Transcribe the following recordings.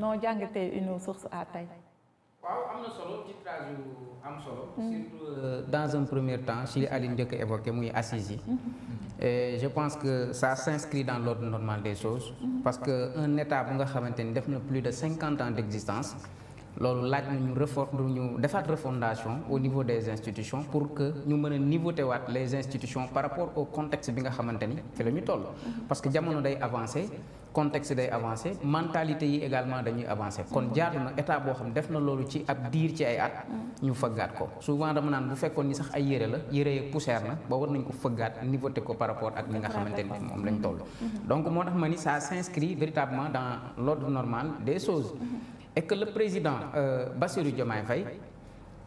noo jàngatee une source A tey. waaw am na solo titrage yu am solo. Mm-hmm. surtout euh, dans un premier temps si li Aline njëkk évoqué muy assises yi. Mm-hmm. je pense que ça s'inscrit dans l'ordre normal des choses. Mm-hmm. parce que un état bu nga xamante ni def na plus de cinquante ans d'existence. loolu laaj na ñu refor ñu defaat refondation au niveau des institutions pour que ñu mën a niveauté waat les institutions par rapport au contexte bi nga xamante ni fi la toll. parce que jamono day avancé. contexte day avancé mentalité yi également dañuy avancé kon jaar na état boo xam def na loolu ci ab diir ci ay at ñu fëggaat ko souvent dama naan bu fekkoon ni sax ay yére la yére yi poussière na ba war nañ ko fëggaat niveauté ko par rapport ak li nga xamante ni moom lañ toll donc moo tax ma ni ça s'inscrit véritablement dans l'ordre normal des choses et que le président euh, Bassirou Diomaye Faye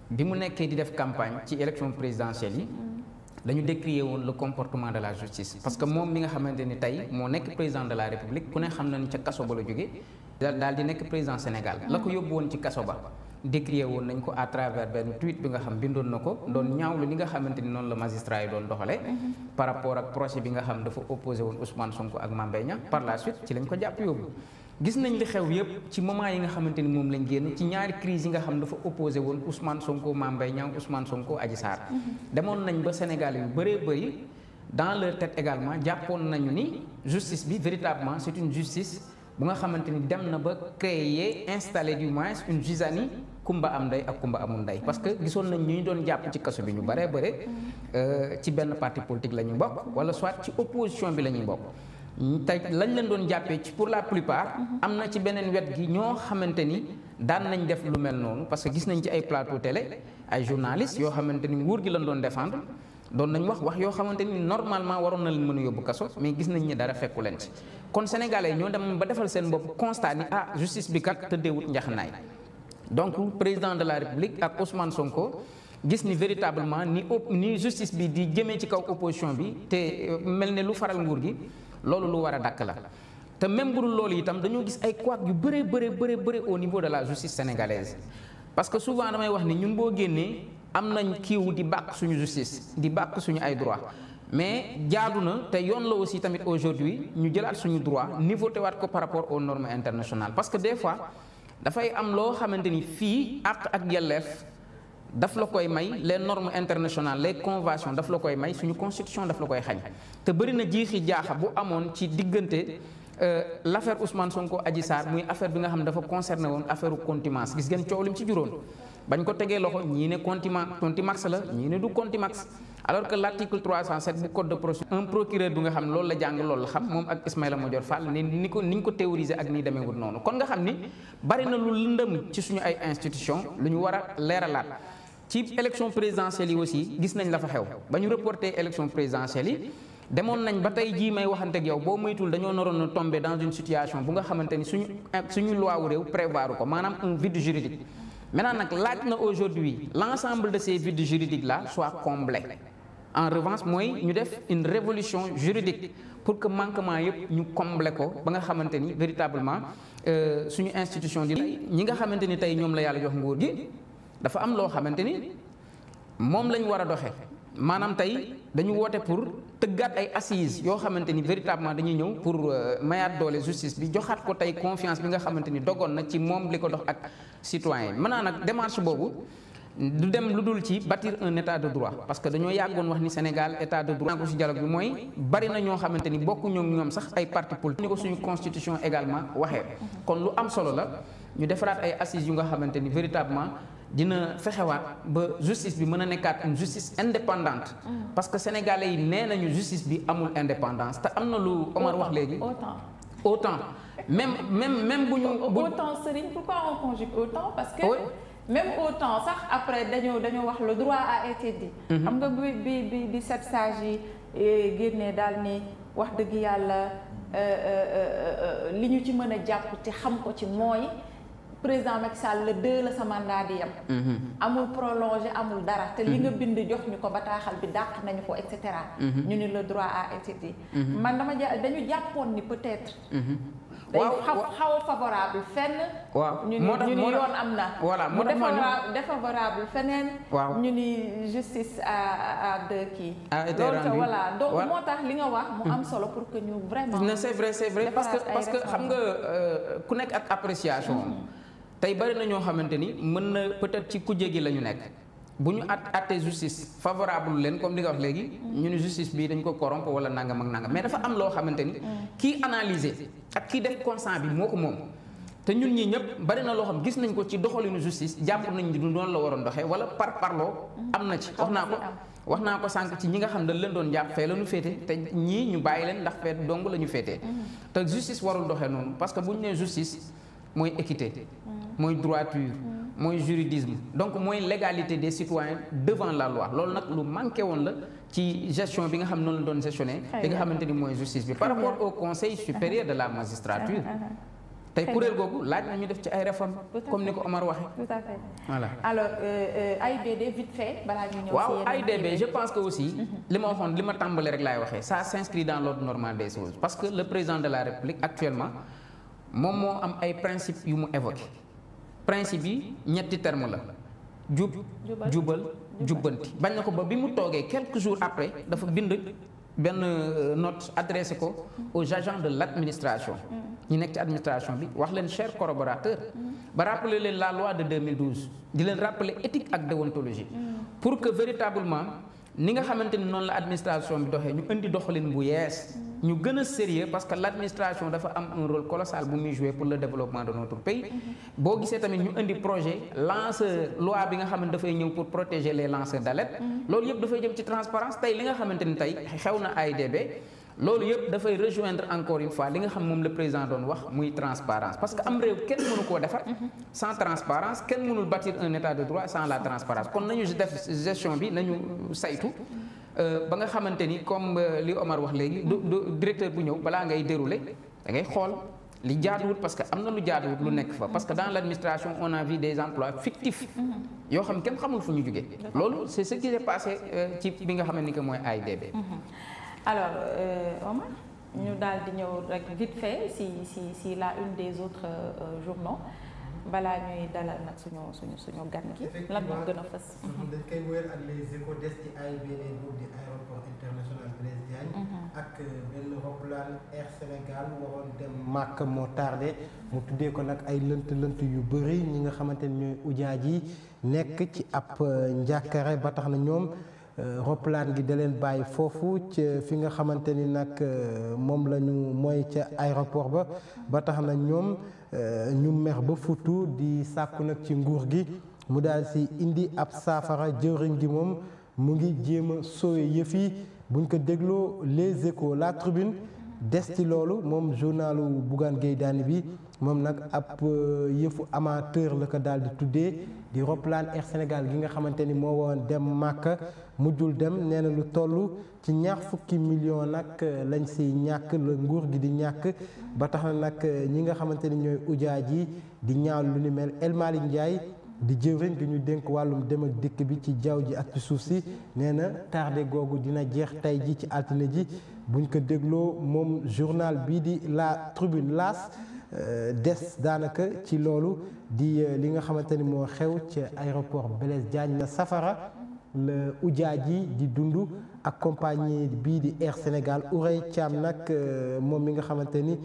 bi mu nekkee di def campagne ci élection présidentielle yi dañu décrier woon le comportement de la justice parce que moom mi nga xamante ni tey moo nekk président de la république ku ne xam na ni ca kaso ba la jóge daal di nekk président Sénégal la ko yóbbu woon ci kaso ba décrier woon nañ ko à travers benn tweet bi nga xam bindoon na ko doon ñaawlu li nga xamante ni noonu la magistrat yi doon doxale par rapport ak procès bi nga xam dafa opposé woon Ousmane Sonko ak Mame Mbaye Niang par la suite ci lañ ko jàpp yóbbu gis nañ li xew yëpp ci moment yi nga xamante ni moom lañ génn ci ñaari crise yi nga xam dafa opposé woon usman Sonko Mame Mbaye Niang Ousmane Sonko Adji Sarr mhm. demoon nañ ba Sénégal yu bëree bëri dans leur tête également jàppoon nañu ni justice bi véritablement c'est une justice bu nga xamante ni dem na ba créer installé du moins une gisanie kumba am ndey ak kumba amul ndey parce que gisoon nañ ñu doon jàpp ci kaso bi ñu bëree bëri mhm. euh, ci benn parti politique la ñu bokk wala soit ci opposition bi la ñuy bokk te lañ leen doon jàppee ci pour la plupart am na ci beneen wet gi ñoo xamante ni daan nañ def lu mel noonu parce que gis nañ ci ay plateau télé ay yoo xamante ni nguur gi lañ doon défendre doon nañ wax wax yoo xamante ni normalement waroon na leen mën a yóbbu kaso mais gis nañ ni dara fekku leen ci kon sénégalais ñoo dem ba defal seen bopp constat ni ah justice bi kat tëddeewut njaxanaay donc président de la république ak Ousmane Sonko gis ni véritablement ni ni justice bi di jëmee ci kaw opposition bi te euh, mel ne lu faral nguur gi loolu lu war a dakk la te même bu dul loolu itam dañoo gis ay couac yu bëree bëree bëree bëri au niveau de la justice sénégalaise parce que souvent damay wax ni ñun boo génnee am nañ kiiw di bàq suñu justice di bàq suñu ay droit mais jaadu na te yoon la aussi tamit aujourd'hui ñu jëlaat suñu droit niveauté waat ko par rapport au normes internationales parce que des fois dafay am loo xamante ni fii àq ak yelleef daf la koy may les norme internationales les conventions daf la koy may suñu constitution daf la koy xañ te bëri na jiixi jaaxa bu amoon ci diggante euh, l' affaire Ousmane Sonko Adji Sarr muy affaire bi nga xam ne dafa concerné woon affaire contumace gis ngeen coow lim ci juróon bañ ko tegee loxo ñii ne contumace contumace la ñii ne du contumace alors que l' article 307 bu code de procédure un nga xam loolu la jàng loolu la xam moom ak Ismaïla Madior Fall ni ni ko ni ñu ko théoriser ak ni demeewul noonu kon nga xam ni bari na lu lëndëm ci suñu ay institution lu ñu war a leeralaat ci élection présidentielle yi aussi gis nañ la fa xew ba ñu reporté élection présidentielle yi demoon nañ ba tey jii may waxante yow boo moytul dañoo naroon a tombé dans une situation bu nga xamante ni suñu suñu loi wu réew prévoir ko maanaam un vide juridique maintenant nag laaj na aujourd'hui l'ensemble de ces vides juridiques là soit comblé en revanche mooy ñu def une révolution juridique pour que manquement yëpp ñu combler ko ba nga xamante ni véritablement euh, suñu institution di ñi nga xamante ni tey ñoom la yàlla jox nguur gi dafa am loo xamante ni moom lañ war a doxe maanaam tey dañu woote pour tëggaat ay assises yoo xamante ni véritablement dañuy ñëw pour euh, mayaat doole justice bi joxaat ko tey confiance bi nga xamante ni dogoon na ci moom li ko dox ak citoyen mën naa nag démarche boobu du dem lu dul ci bâtir un état de droit parce que dañoo yàggoon wax ni Sénégal état de droit ko ci dialogue bi mooy bari na ñoo xamante ni bokku ñoom sax ay parti politique ni ko suñu constitution également waxee kon lu am solo la ñu defaraat ay assises yu nga xamante ni véritablement dina fexewaat ba justice bi mën a nekkaat une justice indépendante. Mm-hmm. parce que sénégalais yi nee nañu justice bi amul indépendance te am na lu Omar wax léegi. autant autant même même même bu ñu. bu autant Serigne pourquoi on conjugue autant parce que. même autant sax après dañoo dañoo wax le droit a été dit. Mm-hmm. xam nga bi bi bi bi sept sages yi eh, génnee daal ni wax dëgg yàlla euh, euh, euh, li ñu ci mën a jàpp te xam ko ci mooy. président Macky Sall le deux la sa mandat di yem. Mhm. amul prolongé amul dara. te li nga bind jox ñu ko bataaxal bi dàq nañu ko et cetera. Mhm. ñu ni le droit à etc. Mhm. man dama ja dañu jàppoon ni peut-être. waaw dañu xaw a favorable fenn. waaw ñu ni ñu yoon am na. voilà moo tax mu défavorable feneen. waaw ñu ni justice à à deux kii. à été rendu voilà donc moo tax li nga wax mu am solo pour que ñu vraiment. non c'est vrai c'est vrai parce que xam nga euh, ku nekk ak appréciation. tey bari na ñoo xamante ni mën na peut-être ci kujje gi la ñu nekk bu ñu at atte justice favorable leen comme li nga wax léegi ñu ne justice bii dañ ko corrompre wala nangam ak nangam mais dafa am loo xamante ni kii analyser ak kii def constat bi moo ko moom te ñun ñii ñëpp bari na loo xam gis nañ ko ci doxalinu justice jàpp nañ du noonu la waroon doxee wala par parloo am na ci wax naa ko wax naa ko sànq ci ñi nga xam ne dañ leen doon jàpp fee la ñu féete te ñii ñu leen ndax fee la ñu féetee mm-hmm. te justice warul doxee noonu parce que bu ñu nee justice mooy équité mm. mooy droiture mm. mooy juridisme donc mooy légalité des citoyens devant la loi loolu nag lu manqué woon la ci gestion bi nga xam noonu la doon gestionné bi nga xamante ni mooy justice bi par rapport au conseil supérieur de la magistrature ah, ah, ah. tey kuréel googu laaj na ñu def ci ay réformes comme ni ko Omar waxee. tout à fait voilà alors euh, euh, AIBD vite fait balaa ñu je pense que aussi. Mhm. li ma waxoon li ma tàmbalee rek laay waxee ça s'inscrit dans l'ordre normal des choses parce que moom moo am ay principe yu mu évoqué principe yi ñetti terme la jub jubal jubbanti bañ na ko ba bi mu toogee quelque jour après dafa bind benn euh, note adressé ko aux agents de l' administration mm. ñi nekk ci administration bi wax leen cher collaborateur mm. ba rappeler leen la loi de 2012 di leen rappeler éthique ak déontologie mm. pour que véritablement ni nga xamante ni noonu la administration bi doxee ñu indi doxalin bu yees ñu gën a sérieux parce que l' dafa am un role colossal bu muy jouer pour le développement de notre pays boo gisee tamit ñu indi projet lanceur loi bi nga xam ne dafay ñëw pour protéger les lanceurs d' alerte loolu yëpp dafay jëm ci transparence tey li nga xamante ni tey xew na AIBD loolu yëpp dafay rejoindre encore une fois li nga xam moom la président doon wax muy transparence parce que am réew kenn mënu koo defar sans transparence kenn mënul bâtir un état de droit sans la transparence kon nañu def gestion bi Euh, ba nga xamante ni comme euh, li Omar wax léegi du du directeur bu ñëw balaa ngay dérouler da ngay xool li jaaduwut parce que am na lu jaaduwut lu nekk fa parce que dans l' on a vu des emplois fictifs yoo xam kenn xamul fu ñu jógee loolu c' est ce qui s' est euh, ci bi nga xamante ni que mooy mhm. alors Omar ñu daal di ñëw rek vite si si si la une des autres euh, journaux balaa ñuy dalal nag suñu suñu suñu gan gi lan moo gën fës ak mhm. euh, benn roplaan Air Sénégal waroon dem màkk moo tardé mu tuddee ko nag ay lënt lënt yu bëri ñi nga xamante ne ñooy ujaa ji nekk ci ab euh, njàkkare ba tax na ñoom Euh, roplaan gi da leen bàyyi foofu ci fi nga xamante ni nag euh, moom la ñu mooy ca aéroport ba ba tax na ñoom euh, ñu meex ba futu di sàkku nag ci nguur gi mu daal si indi ab saafara jëwriñ gi moom mu ngi jéem a sooye yëf buñ ko dégloo les échos la tribune des ci loolu moom journalu Bougane Gueye Dany bi moom nag ab euh, yëfu amateur la ko daal di tuddee di roplaan Air Sénégal gi nga xamante ni moo woon dem Màkka mujjul dem nee na lu toll ci ñaar fukki million nag euh, lañ si ñàkk la nguur gi di ñàkk ba tax na nag euh, ñi nga xamante ni ñooy ujaaj ji di ñaaw lu ni mel El Malick Ndiaye di jëwriñ gi ñu dénk wàllum dem ak dikk bi ci jaww ji ak ci suuf si nee na tardé googu dina jeex tey ji ci altine ji buñ ko dégloo moom journal bii di la tribune laas euh, des daanaka ci loolu di euh, li nga xamante ni moo xew ca aéroport Blaise Diagne la safara la ujaaj yi di dundu ak compagnie bii di Air Sénégal Ourey Thiam nag euh, moom mi nga xamante ni